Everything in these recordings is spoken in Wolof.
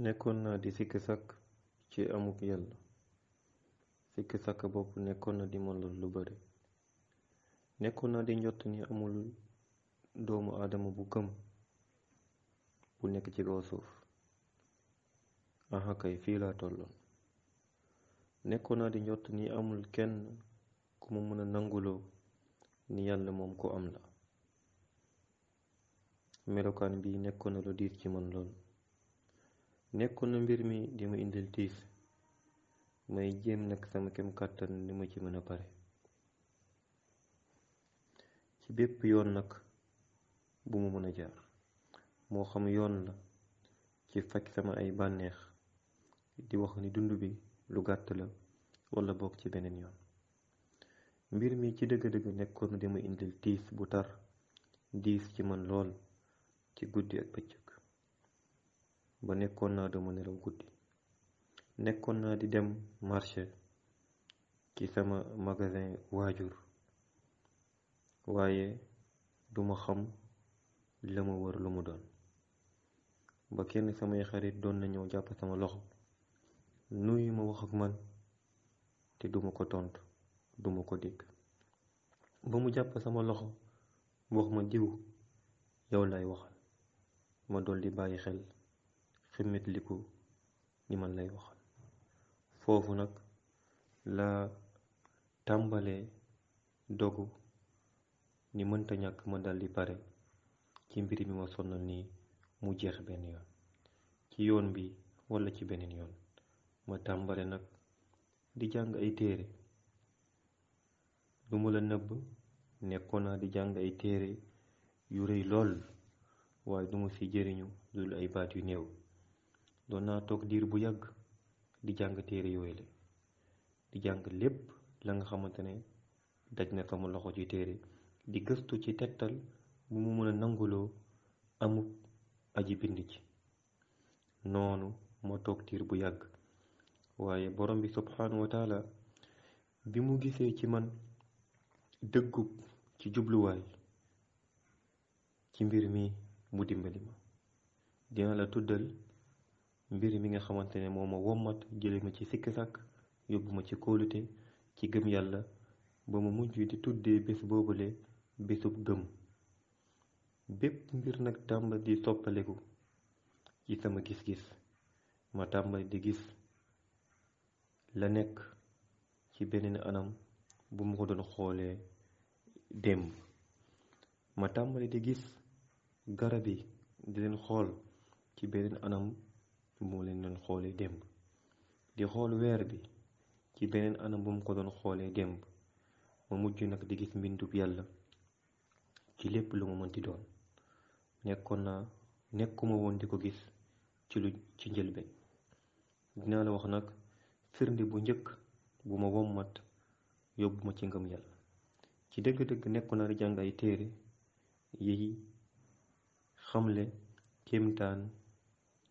nekkoon naa di sikk sakk ci amuk yàlla sikk sakk bopp nekkoon na di molal lu bare nekkoon naa di njott ni amul doomu aadama bu gëm bu nekk ci kaw suuf aha fii laa tolloon nekkoon naa di njott ni amul kenn ku ma mën a nanguloo ni yàlla moom ko am la melokaan bii nekkoon na lu diir ci man lool nekkoon na mbir mi di ma indil tiis may jéem nag sama kem kàttan li ma ci mën a pare ci bépp yoon nag bu mu mën a jaar moo xam yoon la ci faj sama ay bànneex di wax ni dund bi lu gàtt la wala boog ci beneen yoon mbir mi ci dëgg-dëgg nekkoon na di ma indil tiis bu tar diis ci man lool ci guddi ak bëccëg ba nekkoon naa dama nelaw guddi nekkoon naa di dem marché ci sama magasin waajur waaye duma xam la ma wër lu mu doon ba kenn samay xarit doon na ñëw jàpp sama loxo nuyu ma wax ak man te duma ko tontu duma ko dégg ba mu jàpp sama loxo wax ma diw yow lay waxal ma dool di bàyyi xel xemmetliku ni man lay waxal foofu nag la tàmbalee dogu ni mënta ñàkk ma daldi pare ci mbir mi ma sonnal nii mu jeex benn yoon ci yoon bi walla ci beneen yoon ma tàmbale nag di jàng ay téere lu mu la nëbb nekkoon naa di jàng ay téere yu rëy lool waaye du ma ci jëriñu dul ay baat yu néew doon naa toog diir bu yàgg di jàng téere yooyu la di jàng lépp la nga xamante ne daj na sama loxo ci téere di gëstu ci tegtal bu mu mën a nanguloo amut aji bind ci noonu ma toog diir bu yàgg waaye borom bi subhanahu bi mu gisee ci man dëggub ci jubluwaay ci mbir mi mu dimbali ma dina la tuddal mbir mi nga xamante ne moo ma wommat jële ma ci sikki sàkk yóbbuma ci kóolute ci gëm yàlla ba mu mujj di tuddee bés boobule bésub gëm bépp mbir nag tàmbali di soppaleku ci sama gis-gis ma tàmbali di gis la nekk ci beneen anam bu ma ko doon xoolee démb ma tàmbali di gis garab yi di leen xool ci beneen anam moo leen doon xoolee démb di xool weer bi ci beneen anam bu mu ko doon xoolee démb ma mujj nag di gis mbindub yàlla ci lépp lu ma mënti doon nekkoon naa nekkuma woon di ko gis ci lu ci njëlbeen dinaa la wax nag firnde bu njëkk bu ma wommat yóbbu ci ngëm yàlla ci dëgg-dëgg nekkoon naa di jàng ay téere yi xamle kéemtaan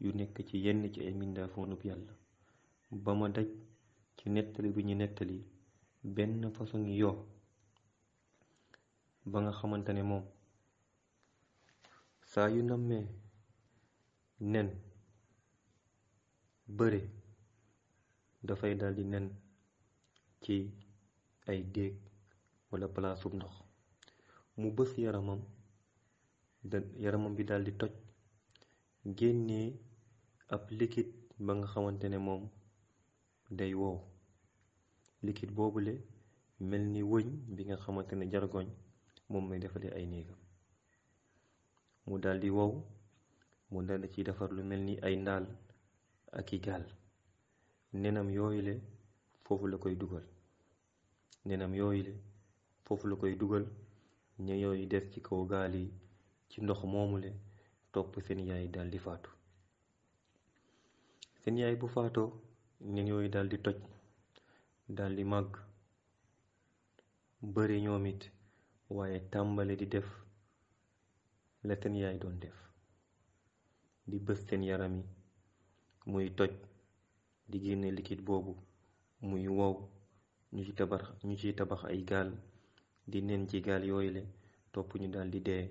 yu nekk ci yenn ci ay mbindaafoonub yàlla ba ma daj ci nettali bi ñu nettali benn façon yoo ba nga xamante ne moom saa yu nammee nen bëre dafay daldi nen ci ay déeg wala palaasub ndox mu bës yaramam yaramam bi daldi toj génnee ab liquide ba nga xamante ne moom day wow liquide boobule mel ni wëñ bi nga xamante ne jargoñ moom may defaree ay néegam mu daldi wow mu daldi ci defar lu mel ni ay ndaal ak i gaal nenam yooyule foofu la koy dugal nenam yooyule foofu la koy dugal ña yooyu des ci kaw gaal yi ci ndox moomu moomule topp seen yaay daldi faatu seen yaay bu faatoo nen yooyu daal di toj daal màgg bëri ñoom waaye tàmbale di def la seen yaay doon def di bës seen yaram yi muy toj di génne liquide boobu muy wow ñu ci tabax ñu ci tabax ay gaal di nen ci gaal yooyu le topp ñu daal dee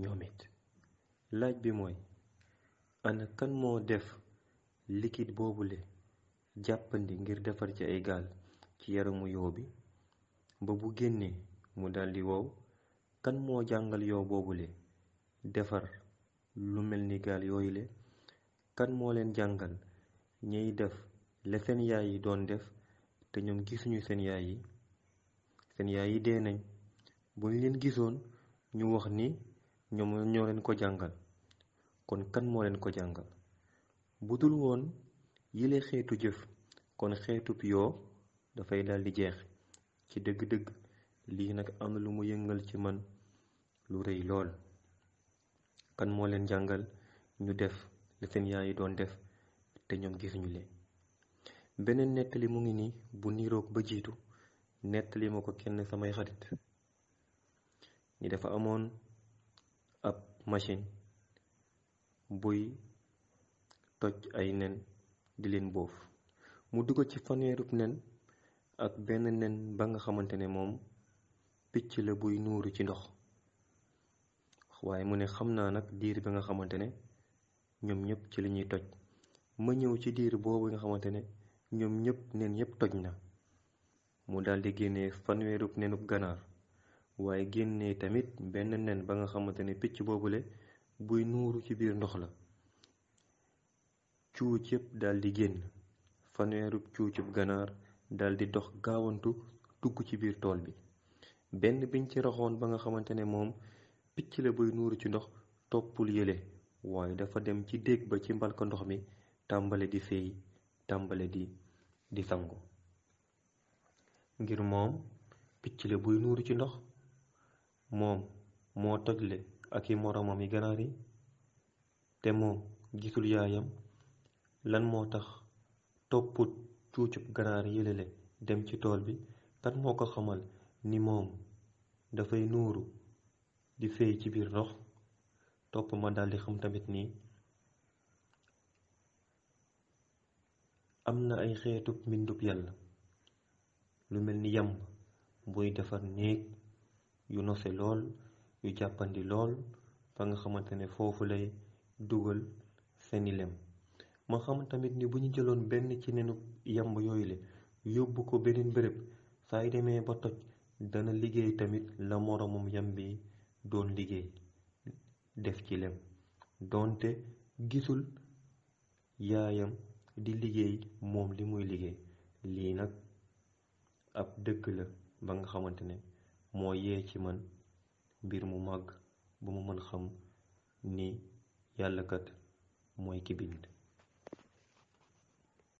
ñoom laaj bi mooy ana kan moo def boobu le jàppandi ngir defar ci ay gaal ci yaramu yoo bi ba bu génnee mu daldi wow kan moo jàngal yoo boobule defar lu mel ni gaal yooyule kan moo leen jàngal ñuy def la seen yaay yi doon def te ñoom gisuñu seen yaay yi seen yi dee nañ buñ leen gisoon ñu wax ni ñoom ñoo leen ko jàngal kon kan moo leen ko jàngal budul woon yile xeetu jëf kon xeetub yoo dafay daldi jeex ci dëgg-dëgg lii nag am na lu mu yëngal ci man lu rëy lool kan moo leen jàngal ñu def la seen yaay yi doon def te ñoom gisuñu leen beneen nettali mu ngi nii bu niroog ba jiitu nettali ma ko kenn samay xarit ni dafa amoon ab machine buy toj ay nen di leen boof mu dugg ci fanweerub nen ak benn nen ba nga xamante ne moom picc la buy nuuru ci ndox waaye mu ne xam naa nag diir bi nga xamante ne ñoom ñëpp ci li ñuy toj ma ñëw ci diir boobu nga xamante ne ñoom ñëpp nen yëpp toj na mu daldi génnee fanweerub nenub ganaar waaye génnee tamit benn nen ba nga xamante ne picc boobule buy nuuru ci biir ndox la cuucéb daldi génn fanweerub cuucub ganaar daldi dox gaawantu dugg ci biir tool bi benn biñ ci raxoon ba nga xamante ne moom picc la buy nuuru ci ndox toppul yële waaye dafa dem ci déeg ba ci mbal ndox mi tàmbale di feey tàmbale di di sangu ngir moom picc la buy nuuru ci ndox moom moo togle ak i moroomam yi ganaar yi te moom gisul yaayam lan moo tax topput cuucub ganaar yëlale dem ci tool bi kan moo ko xamal ni moom dafay nuuru di fey ci biir ndox topp ma daldi xam tamit nii am na ay xeetub mbindub yàlla lu mel ni yamb buy defar néeg yu nose lool yu jàppandi lool ba nga xamante ne foofu lay dugal seeni lem ma xam tamit ni bu ñu jëloon benn ci nenu yamb yooyu yóbbu ko beneen bërëb saa demee ba toj dana liggéey tamit la moroomam yam bi doon liggéey def ci lem doonte gisul yaayam di liggéey moom li muy liggéey lii nag ab dëkk la ba nga xamante ne moo yee ci man mbir mu màgg ba mu mën xam ni yàlla kat mooy ki